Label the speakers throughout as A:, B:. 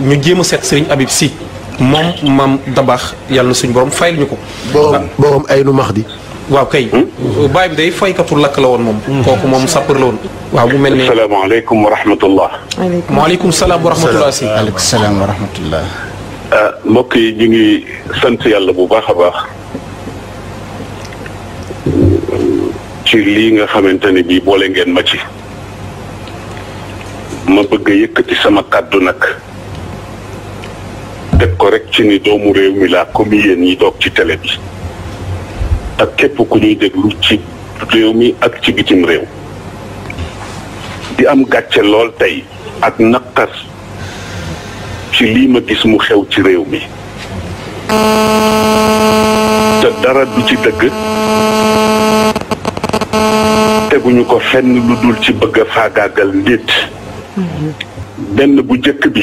A: ñu jéem a seet Serigne Habib Sy moom maam Dabaax yàlla suñu borom fayal ñu ko. borom ay nu max di. waaw kay. Hmm? baay bi day faykatu lakk la woon moom. Hmm. kooku moom sapeur la woon. waaw mu mel ne asalaamaaleykum wa rahmatullah. waaleykum salaam wa rahmatullah si. waaleykum salaam wa rahmatullah.
B: Ah, yi ñu ngi sant yàlla bu baax a baax. ci lii nga xamante ne bii boole ngeen ma ci. ma bëgg a yëkkati sama kàddu nag. teg ko rekk ci ni doomu réew mi laa comme yéen ñi toog ci télé bi ak képp ku ñuy déglu ci réew mi ak ci gitim réew di am gàcce lool tey ak naqar ci lii ma gis mu xew ci réew mi te dara du ci dëgg teguñu ko fenn lu dul ci bëgg a faagaagal nit mhm. benn bu jëkk bi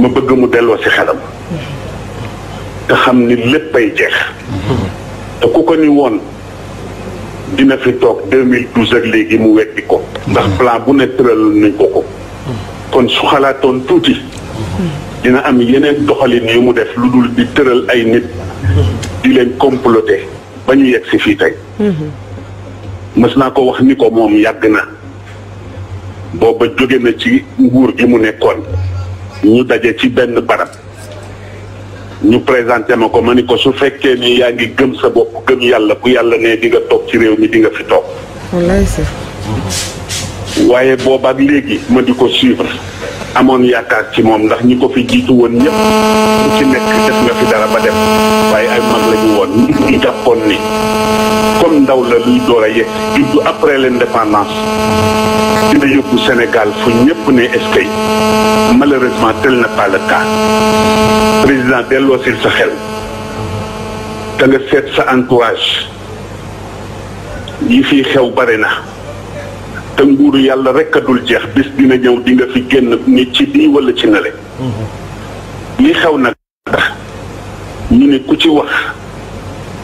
B: ma bëgg mu delloo ci xelam te xam ni lépp ay jeex te ku ko ni woon dina fi toog 2012 ak léegi mu weddi ko ndax plan bu ne tëral nañ ko ko kon su xalaatoon tuuti dina am yeneen doxalin yi mu def lu dul di tëral ay nit di leen comploter ba ñu yegg si fii tey mës naa ko wax ni ko moom yàgg na booba jóge na ci nguur gi mu nekkoon ñu daje ci benn barab ñu présenté ma ko ma ni ko su fekkee ni yaa ngi gëm sa bopp gëm yàlla bu yàlla ne di nga toog ci réew mi di nga fi toog. waaye boobaak léegi ma di ko suivre amoon yaakaar ci moom ndax ñi ko fi jiitu woon ñëpp ku ci nekk def nga fi dara ba dem waaye ay mag la ñu woon ñu jàppoon ni. ndaw la luy door a yegg juddu après l'indépendance dina yóbbu Sénégal fu ñëpp ne eskay malheureusement tel n'est na pale cas président delloo sil sa xel te nga seet sa entourage yi fi xew bare na te nguuru yàlla rekk a dul jeex bis dina ñëw di nga fi génn ni ci lii wala ci nale
C: mhm.
B: li xew nag tax ne ku ci wax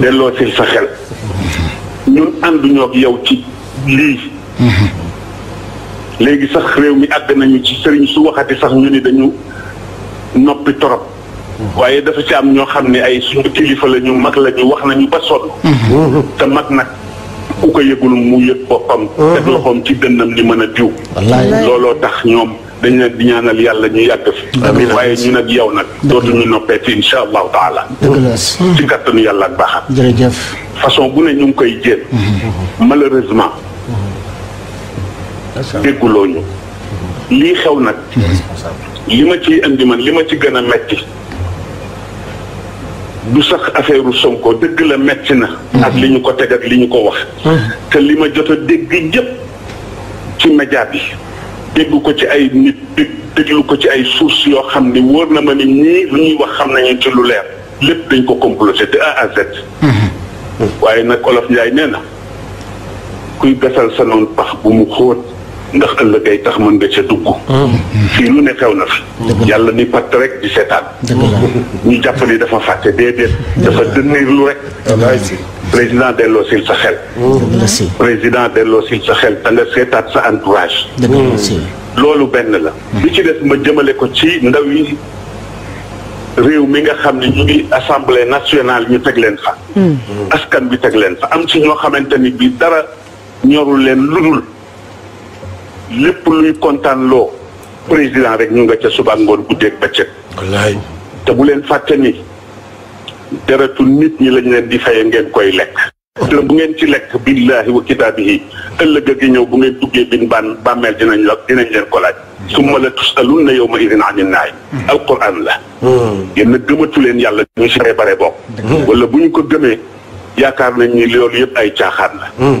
B: delloo sil sa xel ñun ànduñoo ak yow ci lii léegi sax réew mi àgg nañu ci sëriñ su waxati sax ñu ni dañu noppi torop waaye dafa ci am ñoo xam ne ay suñu kilifa la ñu mag la ñu wax nañu ba sonn te mag nag ku ko yëgul mu yëg boppam teg loxoom ci dënnam ni mën a diw looloo tax ñoom dañ leen di ñaanal yàlla ñu yàgg fi. amiin waaye ñun ak yow nag. dootuñu noppee ci incha allahu taala. ci gàttanu yàlla ak baaxam. jërëjëf. façon bu ne ñu ngi koy jéem. malheureusement. dégguloo ñu. lii xew nag. li ma ci indi man li ma ci gën a metti. du sax affaire Sonko dëgg la metti na. ak li ñu ko teg ak li ñu ko wax. te li ma jot a dégg yëpp ci média bi. dégg ko ci ay nit dég déglu ko ci ay sources yoo xam ne wóor na ma ni ñii lu ñuy wax xam nañu ci lu leer lépp dañ ko comploté de A à mm-hmm. waaye nag olof Njaay nee na kuy gasal sa noonu pax bu mu xóot. ndax ëllëg ay tax mën nga ca dugg. Hmm. fii lu ne xew na fi. yàlla ni patt rek di seetaan. ñu jàpp ni dafa fàtte déedéet. dafa dënnir lu rek. président delloo sil sa xel. président delloo sil sa xel da nga seetaat sa entourage. Hmm. loolu benn la. Hmm. li ci des ma jëmale ko ci ndaw yi réew mi nga xam ni ñu ngi assemblée nationale ñu teg leen fa. askan bi teg leen fa am ci ñoo xamante ni bi dara ñorul leen ludul. lépp luy kontaan loo président rek ñu nga ca suba ak ngoon guddeeg bëccëg. te bu leen fàtte ni deretu nit ñi lañ leen di faye ngeen koy lekk. dërëm bu ngeen ci lekk billaahi wa yi ëllëg gi ñëw bu ngeen duggee bin baan bàmmeel dinañ la dinañ leen ko laaj. summa la tusalunna yawma idin anin naay. alquran la. Hmm. yéen a leen yàlla ñu si bare bare bokk. Hmm. wala bu ñu ko gëmee yaakaar nañ ni loolu yëpp ay caaxaan la. Hmm.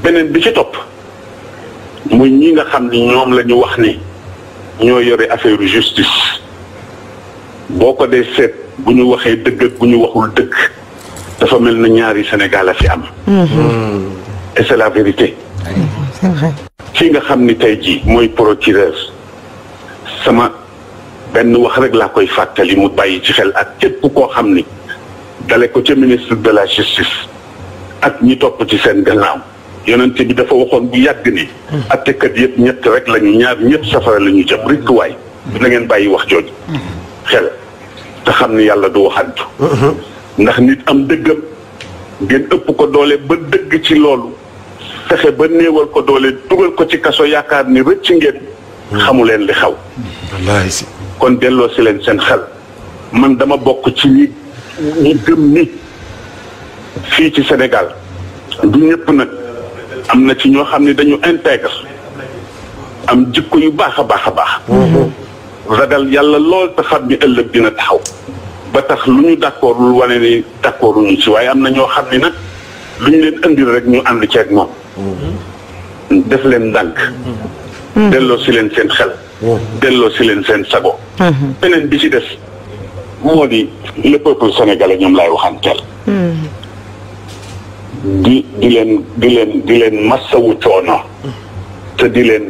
B: beneen bi ci topp muy ñi nga xam ni ñoom lañu wax ni ñoo yore affaire justice boo ko dee seet bu ñu waxee dëgg ak bu ñu waxul dëgg dafa mel na ñaari Sénégal a fi am.
C: Mm-hmm.
B: et c'est la vérité. c'est nga xam ni tey jii mooy procureur sama benn wax rek laa koy fàttali mu bàyyi ci xel ak képp koo xam ni dale ko ca ministre de la justice ak ñi topp ci seen gannaaw. yonenté bi dafa waxone bu yàgg ni kat yépp ñett rek lañu ñaar ñett safara lañu ñu jëm rek waay na ngeen bayyi wax joj xel ta xamni yalla du waxantu ndax nit am dëggam ngeen ëpp ko doole ba dëgg ci loolu fexe ba neewal ko doole duggal ko ci kasso yaakaar ni rëcc ngeen xamulen li xaw kon delo ci len sen xel man dama bok ci ni ni gem ni fi ci senegal du ñepp nak am na ci ñoo xam ne dañu intègre am jikko yu baax a baax a baax mm-hmm. ragal yàlla lool te xam ni ëllëg dina taxaw ba tax lu ñu d'accordul wane ni d'accorduñu si waaye am na ñoo xam ni nag lu ñu leen indil rek ñu ànd ceeg moom
C: mm-hmm.
B: def leen ndànk mm-hmm. delloo si leen seen xel delloo si leen seen sago beneen bi ci des moo di le peuple sénégalais ñoom laay waxanteel di di leen di leen di leen massawu coono te di leen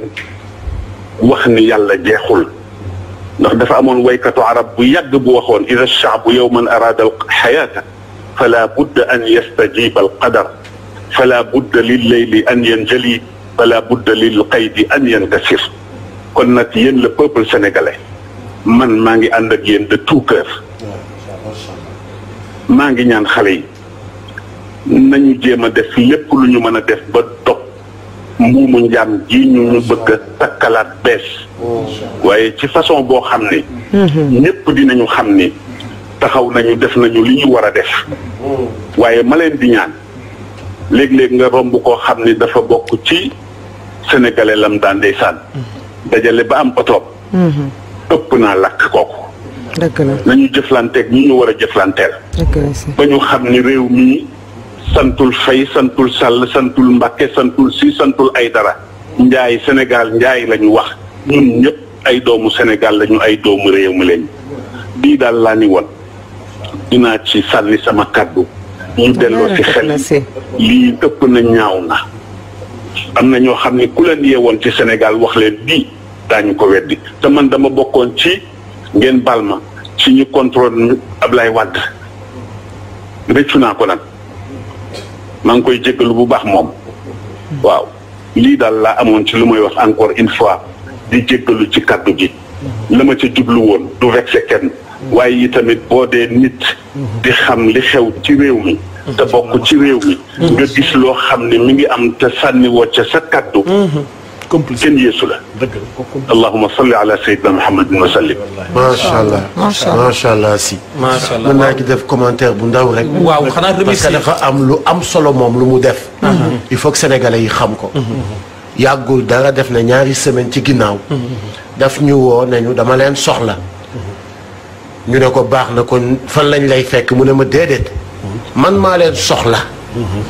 B: wax ni yàlla jeexul ndax dafa amoon waykatu arab bu yàgg bu waxoon ida shaabu yowman araada alxayaata fala budda an yastajiba alqadar fala budda lilleyli an yanjali fala budda lilqaydi an yankasir kon nag yéen le peuple sénégalais man maa ngi ànd ak yéen de tout cœur maa ngi ñaan xale yi nañu jéem a def lépp lu ñu mën a def ba dog mbuumu njaam ji ñu ñu bëgg a takkalaat bees waaye ci façon boo xam ne ñépp dinañu xam ni taxaw nañu def nañu li ñu war a def mm. waaye ma leen di ñaan léeg-léeg nga romb koo xam ni dafa bokk ci sénégalais lam daan ndeysaan dajale ba am otoom mm-hmm. ëpp naa lakk kooku la nañu jëflanteeg ñi ñu war a jëflanteel ba ñu xam ni réew mii santul fay santul sàll santul mbàkke santul si santul ay dara njaay Sénégal njaay lañu wax ñun ñëpp ay doomu senegal lañu ay doomu réew mi lañu bii daal laa ni woon dinaa ci sàlli sama kàddu ñu delloo ci xel lii ëpp na ñaaw na am na ñoo xam ne ku leen woon ci senegal wax leen bii daañu ko weddi te man dama bokkoon ci ngeen baal ma ci ñu contrôle Ablaye Wade rëccu naa ko nag maa ngi koy jéggalu bu baax moom waaw lii daal laa amoon ci lu may wax encore une fois di jéggalu ci kàddu gi la ma ca jublu woon du vexé kenn waaye yi tamit boo dee nit di xam li xew ci réew mi te bokk ci réew mi nga gis loo xam ne mu ngi am te sànni woo ca sa kàddu كن يسله اللهم صل على سيدنا محمد وسلم
A: ما شاء الله ما شاء الله ما شاء الله سي ما شاء الله من هناك ديف كومنتير بو نداو رك واو خنا ريمي سي دافا ام لو ام سولو موم لو مو ديف يفوك سنغالي يخمكو ياغول دارا ديفنا نياري سيمين تي غيناو داف ني وو نانيو داما لين سوخلا ني نكو باخنا كون فان لاني لاي فك مو نما ديدت من ما لين سوخلا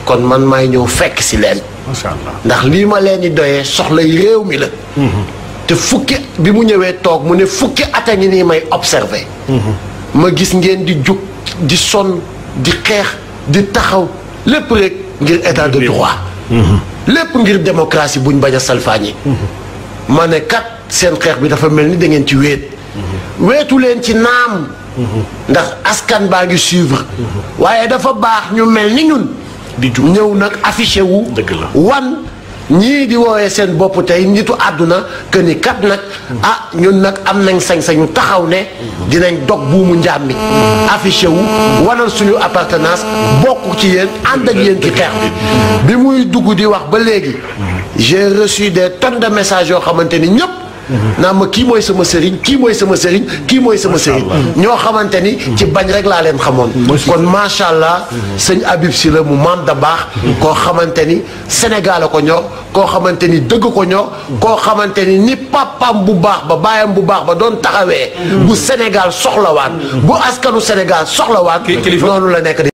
A: كون من ماي نيو فك سي لين macha allah ndax lii ma leen di doyee soxlay réew mi la. Mhm. te fukki bi mu ñëwee toog mu ne fukki at a ngi nii may observé. Mhm. ma gis ngeen di jug di sonn di xeex di taxaw lépp rek ngir état de droit. Mhm. lépp ngir démocratie buñ bañ a salfaañi. ma ne kat seen xeex bi dafa mel ni dangeen ci wéet. weetu leen ci naam. ndax askan baa ngi suivre. waaye dafa baax ñu mel ni ñun. di ñëw nag affiché wu. dëgg la wan ñii di woowee seen bopp tey nitu àdduna que ni kat nag. ah ñun nag am nañ sañ-sañu taxaw ne. dinañ dog buumu njaam mi. affiché wu wanal suñu appartenance bokk ci yéen ànd ak yéen ci xeex bi. bi muy dugg di wax ba léegi. j'ai reçu des tonnes de messages yoo xamante ni ñëpp. naa ma kii mooy sama sëriñ kii mooy sama sëriñ kii mooy sama sëriñ ñoo xamante ni ci bañ rek laa leen xamoon kon macha allah sëñ Habib Sy la mu maam da baax koo xamante ni Sénégal ko ñor koo xamante ni dëgg ko ñor koo xamante ni ni papam bu baax ba baayam bu baax ba doon taxawee mm. bu Sénégal soxlawaat bu askanu Sénégal soxlawaat
C: noonu la nekk